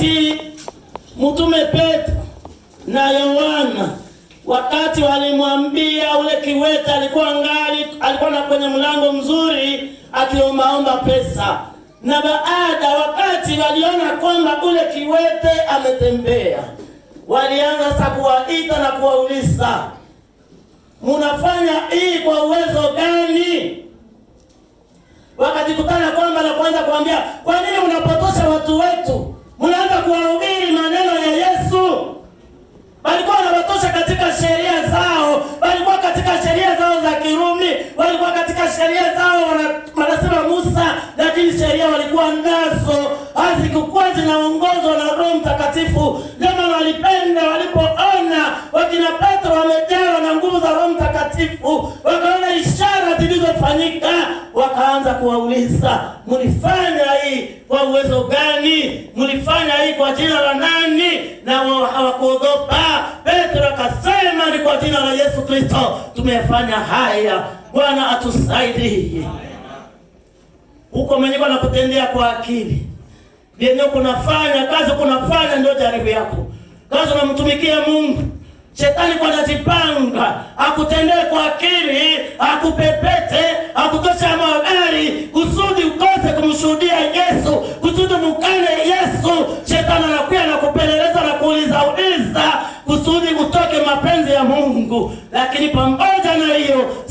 wakati mtume Petro na Yohana wakati walimwambia ule kiwete, alikuwa ngali alikuwa na kwenye mlango mzuri akiombaomba pesa, na baada wakati waliona kwamba ule kiwete ametembea, walianza sasa kuwaita na kuwauliza, munafanya hii kwa uwezo gani? Wakajikutana kwamba na kuanza kuambia, kwa nini unapotoa walikuwa katika sheria zao wanasema Musa, lakini sheria walikuwa nazo hazikukuwa zinaongozwa na Roho Mtakatifu. Ndio maana walipenda, walipoona wakina Petro wamejawa na nguvu za Roho Mtakatifu, wakaona ishara zilizofanyika, wakaanza kuwauliza mlifanya hii kwa uwezo gani? Mlifanya hii kwa jina la nani? Na hawakuogopa. Petro akasema ni kwa jina la Kristo tumefanya haya. Bwana atusaidie huko mwenyewe, anakutendea kwa akili vyenyewe. Kunafanya kazi, kunafanya ndio jaribu yako kazi, unamtumikia Mungu. Shetani kwa anajipanga akutendee kwa akili, akupepete, akutosha kusudi kutoke mapenzi ya Mungu, lakini pamoja na hiyo